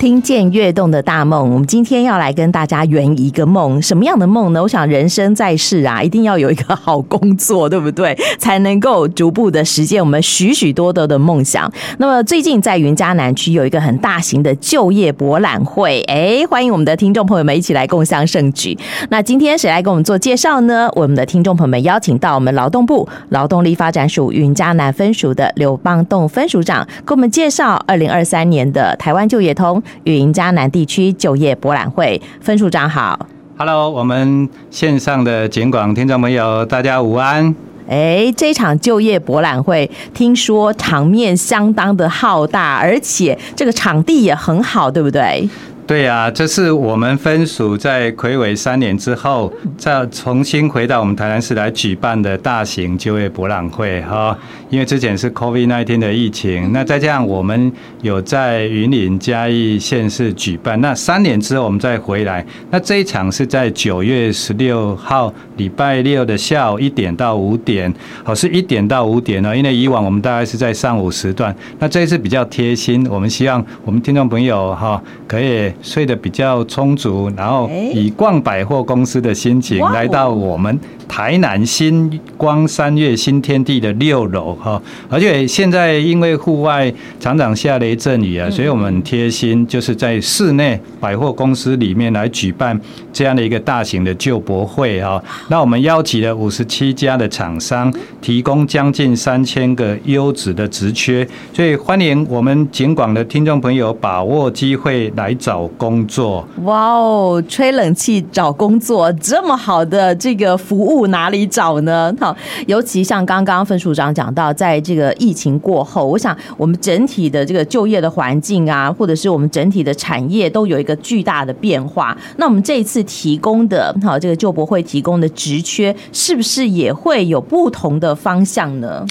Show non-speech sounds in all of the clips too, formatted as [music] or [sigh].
聽見躍動的大夢，我們今天要來跟大家圓一個夢。什麼樣的夢呢？我想人生在世啊，一定要有一個好工作，對不對？才能夠逐步的實現我們許許多多的夢想。那麼最近在雲嘉南區有一個很大型的就業博覽會，誒，歡迎我們的聽眾朋友們一起來共襄盛舉。那今天誰來給我們做介紹呢？我們的聽眾朋友們邀請到我們勞動部勞動力發展署雲嘉南分署的劉邦棟分署長，給我們介紹二零二三年的台灣就業通。雲嘉南地區就業博覽會，分署長好。Hello，我們線上的警廣聽眾朋友，大家午安。哎，這場就業博覽會，聽說場面相當的浩大，而且這個場地也很好，對不對？對呀、啊，這是我們分署在睽違三年之後，再重新回到我們台南市來舉辦的大型就業博覽會哈、哦。因為之前是 COVID nineteen 的疫情，那再這樣我們有在雲林嘉義縣市舉辦，那三年之後我們再回來，那這一場是在九月十六號禮拜六的下午一點到五點，好、哦、是一點到五點哦，因為以往我們大概是在上午時段，那這一次比較貼心，我們希望我們聽眾朋友哈、哦、可以。睡得比較充足，然後以逛百貨公司的心情來到我們台南新光三越新天地的六樓哈，而且現在因為戶外常常下雷陣雨啊，所以我們很貼心，就是在室內百貨公司裡面來舉辦這樣的一個大型的就博會哈，那我們邀請了五十七家的廠商，提供將近三千個優質的職缺，所以歡迎我們警廣的聽眾朋友把握機會來找工作哇哦，吹冷氣找工作這麼好的這個服務哪裡找呢？好，尤其像剛剛分署長講到，在這個疫情過後，我想我們整體的這個就業的環境啊，或者是我們整體的產業都有一個巨大的變化。那我們這一次提供的好這個就博會提供的職缺，是不是也會有不同的方向呢？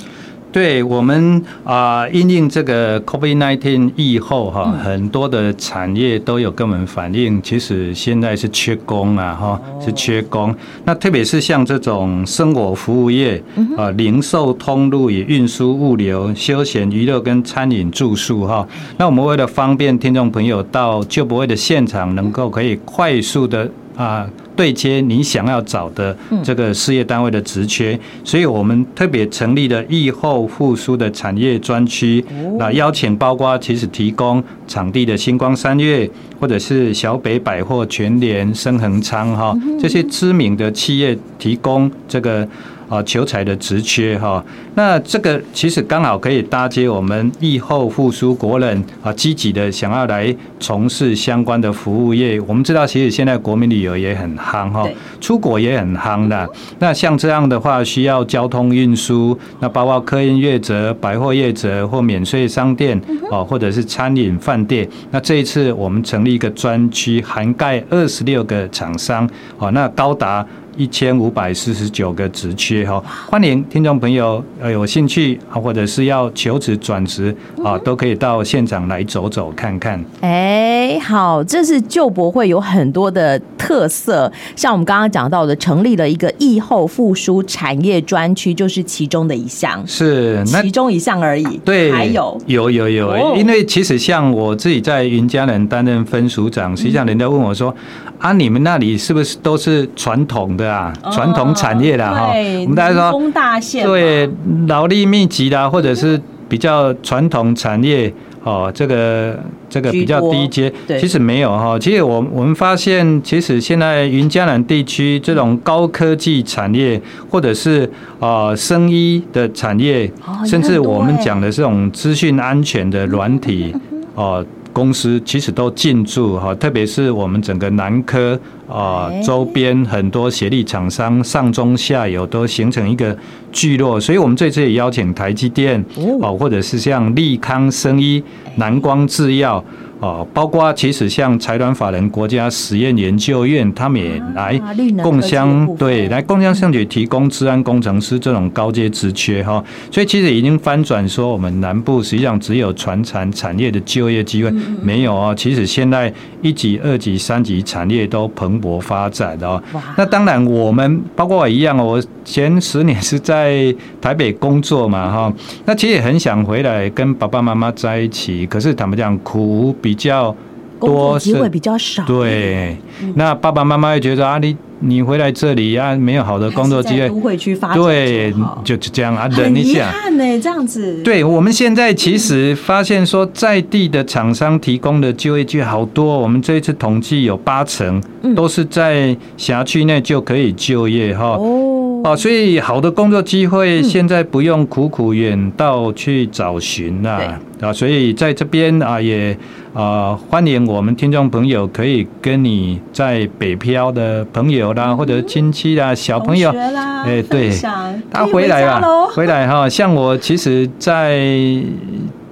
對我們啊、呃，因應這個 COVID-19 疫後哈，很多的產業都有跟我們反映，其實現在是缺工啊，哈，是缺工。那特別是像這種生活服務業啊、呃，零售、通路與運輸、物流、休閒娛樂跟餐飲住宿哈。那我們為了方便聽眾朋友到就博會的現場，能夠可以快速的啊。呃對接你想要找的這個事業單位的職缺，所以我們特別成立了疫後復甦的產業專區，那邀請包括其實提供場地的新光三越或者是小北百貨、全聯、昇恆昌哈這些知名的企業提供這個。啊，求才的職缺哈，那這個其實剛好可以搭接我們疫後復甦，國人啊積極的想要來從事相關的服務業。我們知道，其實現在國民旅遊也很夯哈，對出國也很夯的。嗯、哼那像這樣的話，需要交通運輸，那包括客運業者、百貨業者或免稅商店、嗯、哼或者是餐飲飯店。那這一次我們成立一個專區，涵蓋二十六個廠商那高達，一千五百四十九個職缺哈，歡迎聽眾朋友，呃，有興趣啊，或者是要求職轉職啊，都可以到現場來走走看看。哎、欸，好，這是就博會有很多的特色，像我們剛剛講到的，成立了一個疫後復甦產業專區，就是其中的一項，是那其中一項而已。對，還有，有有有，哦、因為其實像我自己在雲嘉南擔任分署長，實際上人家問我說。嗯啊，你們那裡是不是都是傳統的啊？傳、哦、統產業的、啊、哈，對我們大家說大對勞力密集的，或者是比較傳統產業哦，這個這個比較低階。多其實沒有哈，哦、對其實我們我們發現，其實現在雲江南地區這種高科技產業，或者是啊、呃、生醫的產業，哦、甚至我們講的這種資訊安全的軟體哦。公司其實都進駐哈，特別是我們整個南科啊、呃、周邊很多協力廠商，上中下游都形成一個聚落，所以我們這次也邀請台積電哦，或者是像立康生醫、南光製藥。哦，包括其實像財團法人國家實驗研究院，啊、他們也來共襄，啊、對，來共襄盛舉提供資安工程師這種高階職缺哈、哦。所以其實已經翻轉說，我們南部實際上只有傳產產業的就業機會嗯嗯沒有啊、哦。其實現在一級、二級、三級產業都蓬勃發展哦。哇那當然，我們包括我一樣我前十年是在台北工作嘛哈。嗯嗯那其實很想回來跟爸爸媽媽在一起，可是他們這樣苦。比較多，機會比較少。對，嗯、那爸爸媽媽會覺得啊，你你回來這裡啊，沒有好的工作機會，會去發展就對，就這樣啊，等一下。看呢，這樣子。對我們現在其實發現說，在地的廠商提供的就業機會好多、喔，我們這一次統計有八成都是在轄區內就可以就業哈、喔。嗯、哦。啊，所以好的工作機會現在不用苦苦遠道去找尋啦、嗯。啊，所以在這邊啊，也啊，歡迎我們聽眾朋友可以跟你在北漂的朋友啦，或者親戚啦、小朋友學，哎、欸，學對，享他回來了、啊，回，回來哈。像我其實在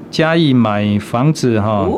嘉義買房子哈。嗯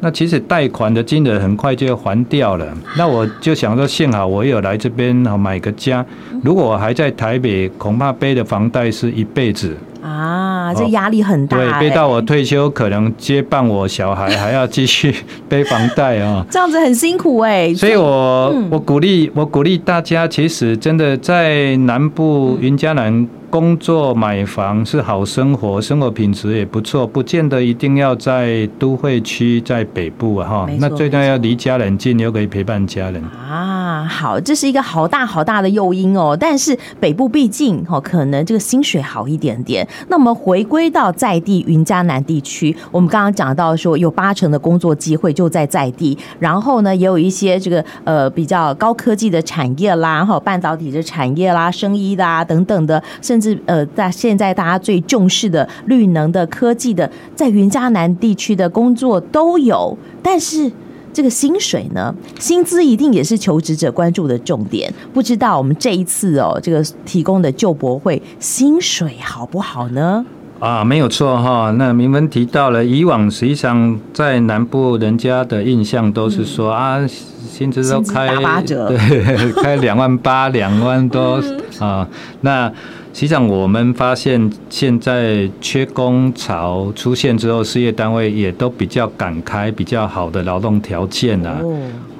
那其實貸款的金額很快就要還掉了。那我就想說，幸好我有來這邊買個家。如果我還在台北，恐怕背的房貸是一輩子啊，這個壓力很大、欸。對，背到我退休，可能接棒我小孩，還要繼續背房貸啊。 [laughs] 這樣子很辛苦哎、欸。所以我、嗯、我鼓勵我鼓勵大家，其實真的在南部雲嘉南。工作買房是好生活，生活品質也不錯，不見得一定要在都會區、在北部啊哈。沒錯。那最重要離家人近，沒錯。又可以陪伴家人啊。好，這是一個好大好大的誘因哦。但是北部畢竟哦，可能這個薪水好一點點。那我們回歸到在地雲嘉南地區，我們剛剛講到說，有八成的工作機會就在在地，然後呢，也有一些這個呃比較高科技的產業啦，哈，半導體的產業啦、生醫的等等的，甚。甚至呃，在現在大家最重視的綠能的科技的，在雲嘉南地區的工作都有，但是這個薪水呢？薪資一定也是求職者關注的重點。不知道我們這一次哦，這個提供的就博會薪水好不好呢？啊，沒有錯哈、哦。那明文提到了，以往實際上在南部人家的印象都是說、嗯、啊，薪資都開八折，對，開兩萬八兩 [laughs] 萬多、嗯、啊，那。實際上，我們發現現在缺工潮出現之後，事業單位也都比較敢開比較好的勞動條件了、啊，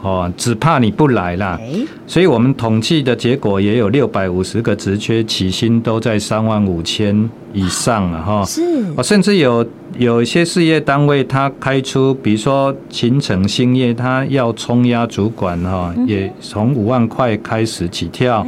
哦，只怕你不來啦。所以我們統計的結果也有六百五十個職缺，起薪都在三萬五千。以上了哈，甚至有有一些事業單位，他開出，比如說勤誠興業，他要衝壓主管哈，也從五萬塊開始起跳，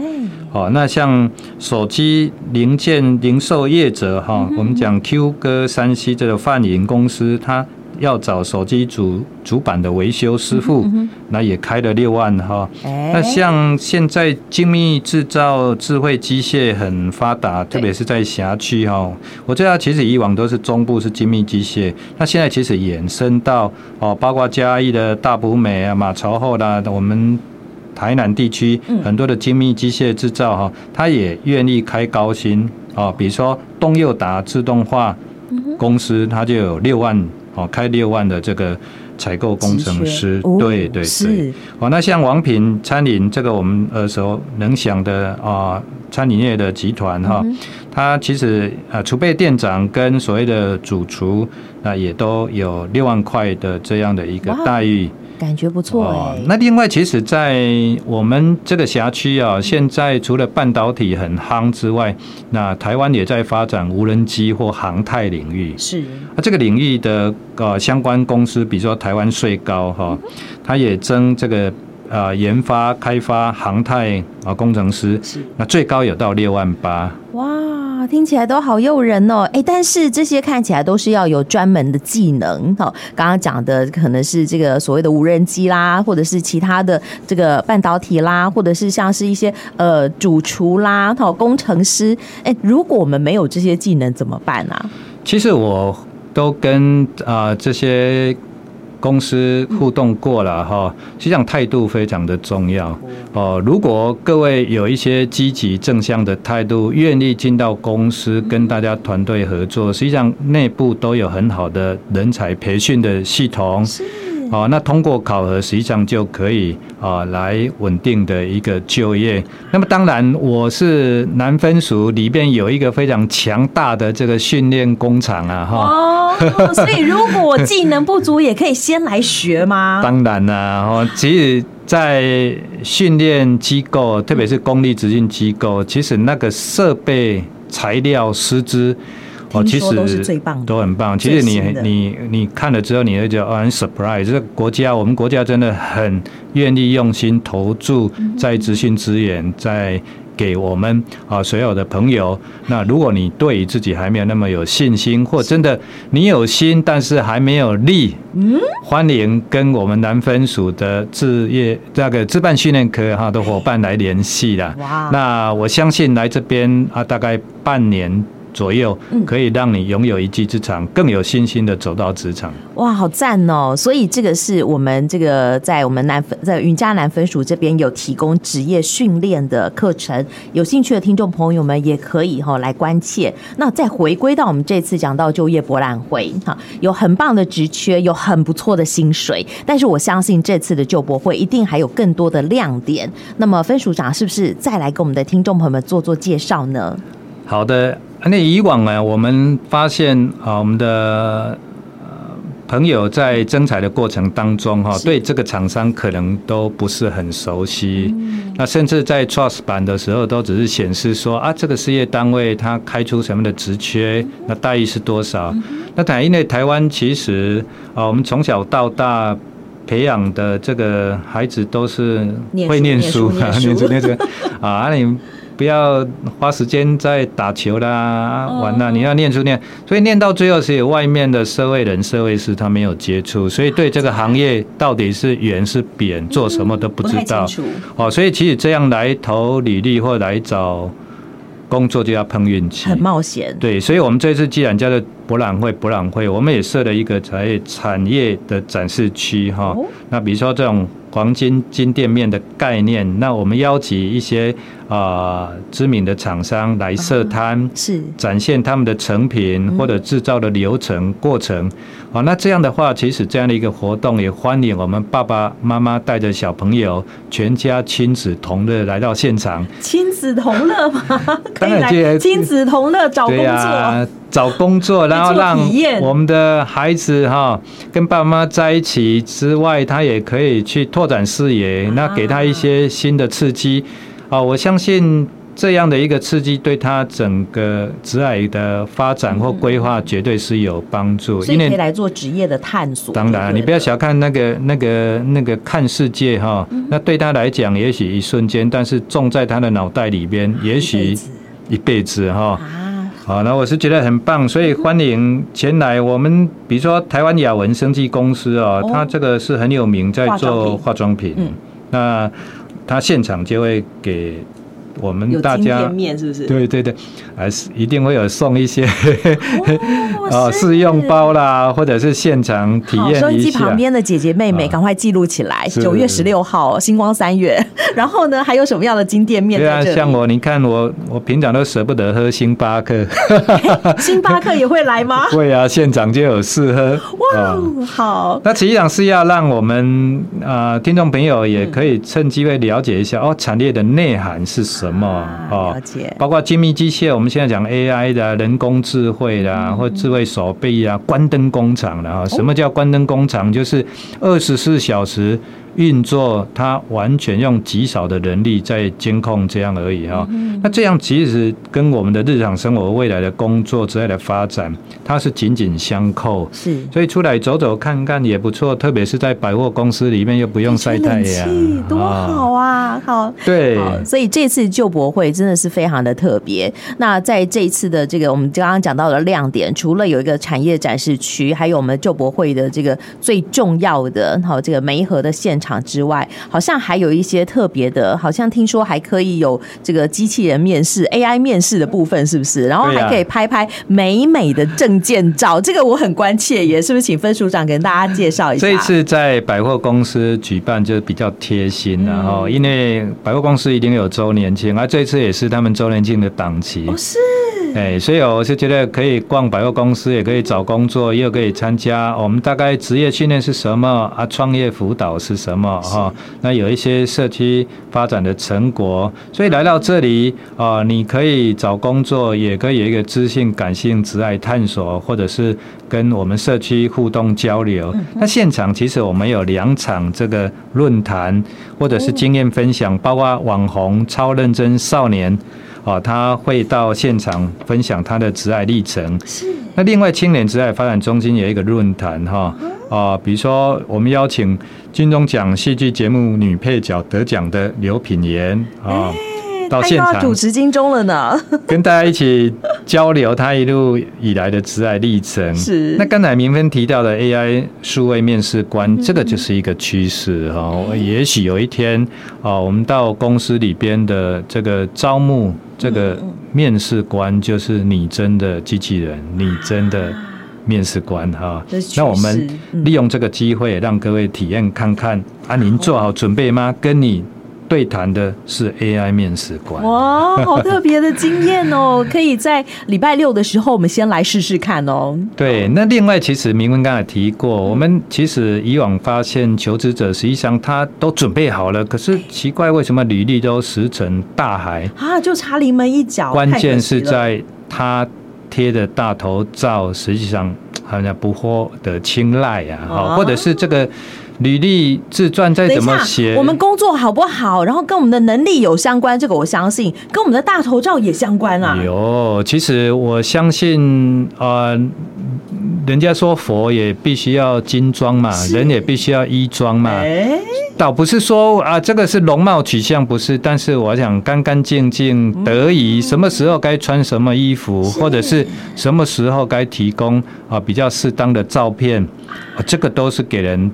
好，那像手機零件零售業者哈，我們講 Q 哥 3C 這個汎雲公司，他。要找手機主主板的維修師傅，嗯嗯、那也開了六萬哈。哦欸、那像現在精密制造、智慧機械很發達，對特別是在轄區哈、哦。我知道，其實以往都是中部是精密機械，那對現在其實延伸到哦，包括嘉義的大埔美啊、馬稠後啦、啊，我們台南地區很多的精密機械制造哈，他、嗯、也願意開高薪啊、哦。比如說東佑達自動化公司，嗯、哼公司它就有六萬。哦，開六萬的這個採購工程師，對對、哦、對，對對是哦，那像王品、餐飲這個我們耳熟能詳的啊、哦，餐飲業的集團哈，嗯、哼它其實啊、呃，儲備店長跟所謂的主廚啊，那也都有六萬塊的這樣的一個待遇。哇嗯感覺不錯、欸哦、那另外，其實，在我們這個轄區啊、哦，嗯、現在除了半導體很夯之外，那台灣也在發展無人機或航太領域。是那、啊、這個領域的呃相關公司，比如說台灣穗高哈，他、哦、也徵這個呃研發開發航太啊、呃、工程師。是，那最高有到六萬八。哇。聽起來都好誘人哦，哎，但是這些看起來都是要有專門的技能哈。剛剛講的可能是這個所謂的無人機啦，或者是其他的這個半導體啦，或者是像是一些呃主廚啦、好，工程師。哎，如果我們沒有這些技能怎麼辦呢、啊？其實我都跟啊、呃、這些。公司互動過了哈，實際上態度非常的重要哦。如果各位有一些積極正向的態度，願意進到公司跟大家團隊合作，實際上內部都有很好的人才培訓的系統。哦，那通過考核實際上就可以啊，來穩定的一個就業。那麼當然，雲嘉南分署裡邊有一個非常強大的這個訓練工廠啊，哈。哦，所以如果我技能不足，也可以先來學嗎？ [laughs] 當然了，哦，其實，在訓練機構，特別是公立職訓機構，其實那個設備、材料、師資。哦，其實都很棒。其實你新你你，你看了之後，你會覺得啊、哦，很 surprise。這個國家，我們國家真的很願意用心投注在職訓資源，在給我們啊、哦、所有的朋友。那如果你對於自己還沒有那麼有信心，唉或真的你有心但是還沒有力，嗯，歡迎跟我們南分署的置業那個自辦訓練科哈的伙伴來聯繫啦，哇，那我相信來這邊啊，大概半年。左右可以讓你擁有一技之長，更有信心的走到職場。嗯。哇，好讚哦！所以這個是我們這個在我們南分在雲嘉南分署這邊有提供職業訓練的課程，有興趣的聽眾朋友們也可以哈來關切。那再回歸到我們這次講到就業博覽會，哈，有很棒的職缺，有很不錯的薪水，但是我相信這次的就博會一定還有更多的亮點。那麼分署長是不是再來給我們的聽眾朋友們做做介紹呢？好的。那以往呢，我們發現啊，我們的朋友在徵才的過程當中，哈，對這個廠商可能都不是很熟悉。是那甚至在 Trust 版的時候，都只是顯示說啊，這個事業單位它開出什麼的職缺，嗯、哼那待遇是多少？嗯、哼那坦因呢，台灣其實啊，我們從小到大培養的這個孩子都是會念書念書念書，念書 [laughs] 啊，你。不要花時間在打球啦，uh, 玩啦。你要念書念，所以念到最後，是外面的社會人、社會事他沒有接觸，所以對這個行業到底是圓是扁，嗯、做什麼都不知道不哦。所以其實這樣來投履歷或來找工作就要碰運氣，很冒險。對，所以我們這次既然叫做博覽會，博覽會我們也設了一個產業產業的展示區哈。哦哦、那比如說這種。黃金金店面的概念，那我們邀請一些啊、呃、知名的廠商來設攤、啊，是展現他們的成品或者制造的流程過程。好、嗯啊，那這樣的話，其實這樣的一個活動也歡迎我們爸爸媽媽帶着小朋友，全家親子同樂來到現場。親子同樂嘛， [laughs] 可以來親子同樂找工作。找工作，然後讓我們的孩子哈，跟爸爸媽媽在一起之外，他也可以去拓展視野，啊、那給他一些新的刺激啊、哦！我相信這樣的一個刺激對他整個職涯的發展或規劃絕對是有幫助。今天、嗯、為可以來做職業的探索。當然、啊，你不要小看那個、那個、那個看世界哈，嗯、那對他來講也許一瞬間，但是種在他的腦袋裡邊，也許一輩子哈。啊好，那我是覺得很棒，所以歡迎前來。我們比如說台灣雅聞生技公司啊、哦，他、哦、這個是很有名，在做化妝品。妝品嗯、那他現場就會給。我們大家店面是不是？對對對，還是一定會有送一些哦，試用包啦，或者是現場體驗。收音機旁邊的姐姐妹妹，趕、啊、快記錄起來！九月十六號，是是新光三越。然後呢，還有什麼樣的金店面？對啊，像我，你看我，我平常都捨不得喝星巴克， [laughs] [laughs] 星巴克也會來嗎？會 [laughs] 啊，現場就有試喝。哇，啊、好！那其實上是要讓我們啊、呃，聽眾朋友也可以趁機會了解一下、嗯、哦，產業的內涵是什麼。什麼啊？包括精密機械，我們現在講 AI 的人工智慧的，或智慧手臂啊，關燈工廠的啊？什麼叫關燈工廠？哦，就是二十四小時。運作，它完全用極少的人力在監控這樣而已啊，哦。那這樣其實跟我們的日常生活，未來的工作之類的發展，它是緊緊相扣。是，所以出來走走看看也不錯，特別是在百貨公司裡面又不用曬太陽，啊啊，多好啊！好，對好，所以這次就博會真的是非常的特別。那在這一次的這個我們剛剛講到的亮點，除了有一個產業展示區，還有我們就博會的這個最重要的，好，這個媒合的現場場之外，好像還有一些特別的，好像聽說還可以有這個機器人面試、AI 面試的部分，是不是？然後還可以拍拍美美的證件照，啊、這個我很關切耶，也是不是？請分署長跟大家介紹一下。這一次在百貨公司舉辦，就是比較貼心然、啊、後、嗯、因為百貨公司一定有周年慶，而這一次也是他們周年慶的檔期。哦，是。誒，欸、所以我是覺得可以逛百貨公司，也可以找工作，又可以參加我們大概職業訓練是什麼啊？創業輔導是什麼哈？那有一些社區發展的成果，所以來到這裡啊，你可以找工作，也可以有一個知性、感性、直愛探索，或者是跟我們社區互動交流。那現場其實我們有兩場這個論壇或者是經驗分享，包括網紅、超認真少年。啊、哦，他會到現場分享他的職涯歷程。是那另外青年職涯發展中心有一個論壇哈，啊、哦，比如說我們邀請金鐘獎戲劇節目女配角得獎的劉品言啊。哦到現場，他主持金鐘了呢，跟大家一起交流他一路以來的職涯歷程。 [laughs] 是，那剛才明芬提到的 AI 數位面試官，嗯、這個就是一個趨勢哈。嗯、也許有一天啊、哦，我們到公司裡邊的這個招募這個面試官，就是擬真的機器人，擬真的面試官哈、哦。嗯、那我們利用這個機會，讓各位體驗看看啊，您做好準備嗎？嗯、跟你。對談的是 AI 面試官。哇，好特別的經驗哦！ [laughs] 可以在禮拜六的時候，我們先來試試看哦。對，那另外其實明文剛才提過，嗯、我們其實以往發現求職者實際上他都準備好了，可是奇怪為什麼履歷都石沉大海、哎、啊？就差臨門一腳。關鍵是在他貼的大頭照，實際上好像不獲得青睞呀、啊，啊、或者是這個。履歷自傳再怎麼寫，我們工作好不好？然後跟我們的能力有相關，這個我相信，跟我們的大頭照也相關啊。有、哎，其實我相信啊、呃，人家說佛也必須要金裝嘛，是人也必須要衣裝嘛。欸、倒不是說啊、呃，這個是容貌取向不是，但是我想乾乾淨淨、嗯、得宜，什麼時候該穿什麼衣服，是或者是什麼時候該提供啊、呃、比較適當的照片、呃，這個都是給人。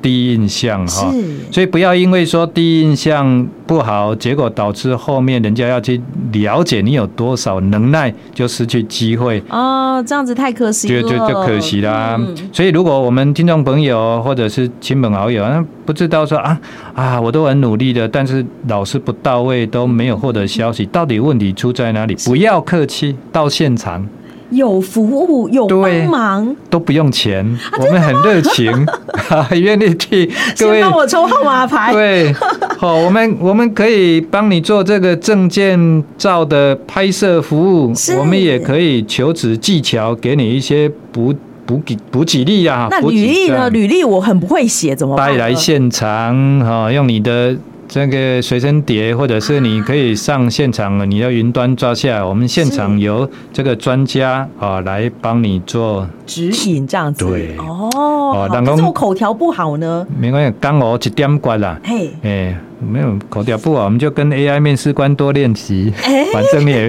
第一印象哈，是所以不要因為說第一印象不好，結果導致後面人家要去了解你有多少能耐，就失去機會。哦，這樣子太可惜了。就就就可惜啦、啊。嗯、所以如果我們聽眾朋友或者是親朋好友，不知道說啊啊，我都很努力的，但是老是不到位，都沒有獲得消息，嗯、到底問題出在哪裡？是不要客氣，到現場。有服務有幫忙都不用錢，啊、我們很熱情，哈，願意替各位幫我抽號碼牌。對，好、 [laughs] 哦，我們我們可以幫你做這個證件照的拍攝服務，是我們也可以求職技巧，給你一些補補給補給力啊。那履歷呢？履歷我很不會寫，怎麼辦？帶來現場哈、哦，用你的。這個隨身碟，或者是你可以上現場，啊、你要雲端抓下來，我們現場由這個專家是啊來幫你做指引，這樣子。對，哦、oh, 啊，好。如果口條不好呢？沒關係，剛好一點關了。嘿 Hey.、欸，哎。沒有口調不好，我們就跟 AI 面試官多練習，欸、反正也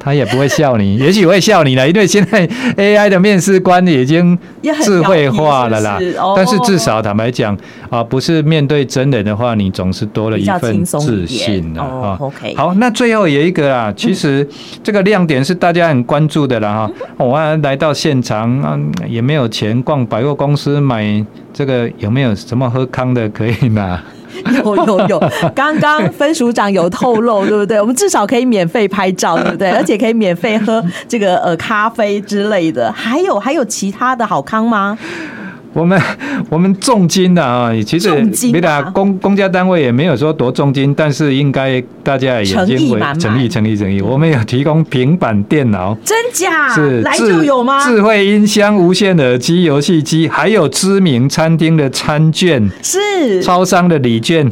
他也不會笑你， [laughs] 也許會笑你了，因為現在 AI 的面試官已經智慧化了啦。是是 oh. 但是至少坦白講啊，不是面對真人的話，你總是多了一份自信，oh, okay. 好，那最後有一個啊，其實這個亮點是大家很關注的啦。哈、喔。我、啊、來到現場啊，也沒有錢逛百貨公司買這個，有沒有什麼喝康的可以拿？有有有，剛剛分署長有透露，對不對？我們至少可以免費拍照，對不對？而且可以免費喝這個呃咖啡之類的，還有還有其他的好康嗎？我們我們重金的啊，其實沒的，公公家單位也沒有說多重金，但是應該大家也誠意滿滿，誠意誠意誠意，我們有提供平板電腦。真假？是來就有嗎？智慧音箱、無線耳機、遊戲機，還有知名餐廳的餐券，是超商的禮券。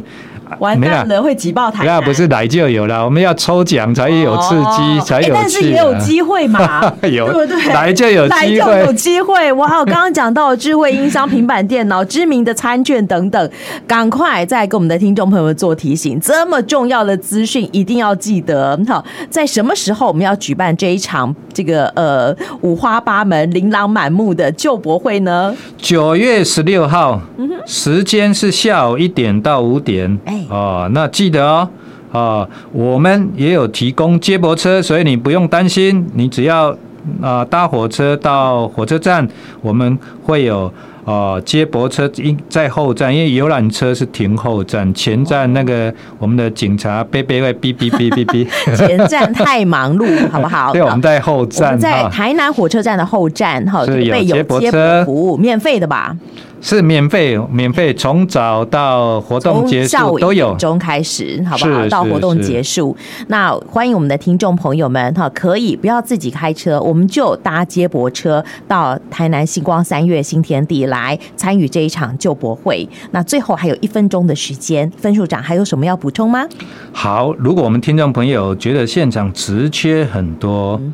完蛋了，啊、會擠爆台。那、啊、不是來就有了，我們要抽獎才有刺激，哦、才有、啊。但是也有機會嘛？ [laughs] 有對不對？來就有機會，來就有機會。有、 [laughs] 哦、剛剛講到智慧音箱、平板電腦、知名的餐券等等，趕快再給我們的聽眾朋友們做提醒。這麼重要的資訊，一定要記得。好，在什麼時候我們要舉辦這一場這個呃五花八門、琳琅滿目的就博會呢？九月十六號，嗯哼，時間是下午一點到五點。哎。哦，那記得哦，啊、哦，我們也有提供接駁車，所以你不用擔心，你只要啊、呃、搭火車到火車站，我們會有。哦，接駁車應在後站，因為遊覽車是停後站。前站那個我們的警察背背 b 嗶嗶嗶嗶嗶。哦、 [laughs] 前站太忙碌， [laughs] 好不好？對，我們在後站。我們在台南火車站的後站，哈，準備有接駁服務，免費的吧？是免費，免費從早到活動結束都有，從下午一點鐘開始，好不好？是到活動結束，那歡迎我們的聽眾朋友們，哈，可以不要自己開車，我們就搭接駁車到台南新光三越新天地來。來參與這一場就博會，那最後還有一分鐘的時間，分署長還有什麼要補充嗎？好，如果我們聽眾朋友覺得現場職缺很多，嗯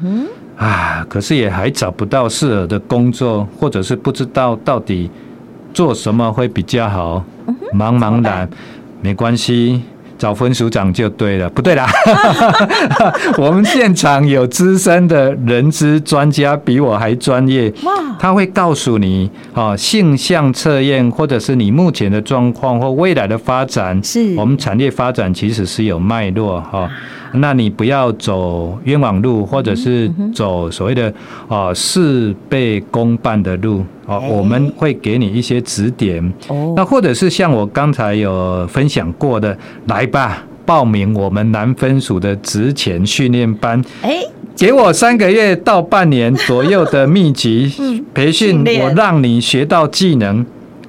哼，啊，可是也還找不到適合的工作，或者是不知道到底做什麼會比較好，嗯哼，茫茫的，沒關係。找分署長就對了，不對啦！ [laughs] [laughs] 我們現場有資深的人資專家，比我還專業，他會告訴你啊、哦，性向測驗或者是你目前的狀況或未來的發展，是我們產業發展其實是有脈絡哈。哦那你不要走冤枉路，或者是走所謂的啊事倍功半的路哦，我們會給你一些指點。哦，那或者是像我剛才有分享過的，來吧，報名我們南分署的職前訓練班。誒，給我三個月到半年左右的密集培訓，我讓你學到技能。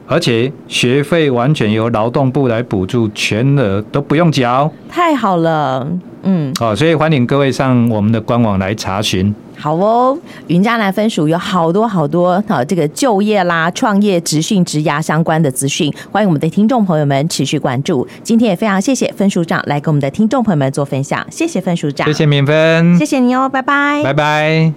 而且學費完全由勞動部來補助，全額都不用繳。太好了，嗯，好、哦、所以歡迎各位上我們的官網來查詢。好哦，雲嘉南分署有好多好多啊，好這個就業啦、創業、職訓、職涯相關的資訊，歡迎我們的聽眾朋友們持續關注。今天也非常謝謝分署長來跟我們的聽眾朋友們做分享，謝謝分署長，謝謝明芬，謝謝你哦，拜拜，拜拜。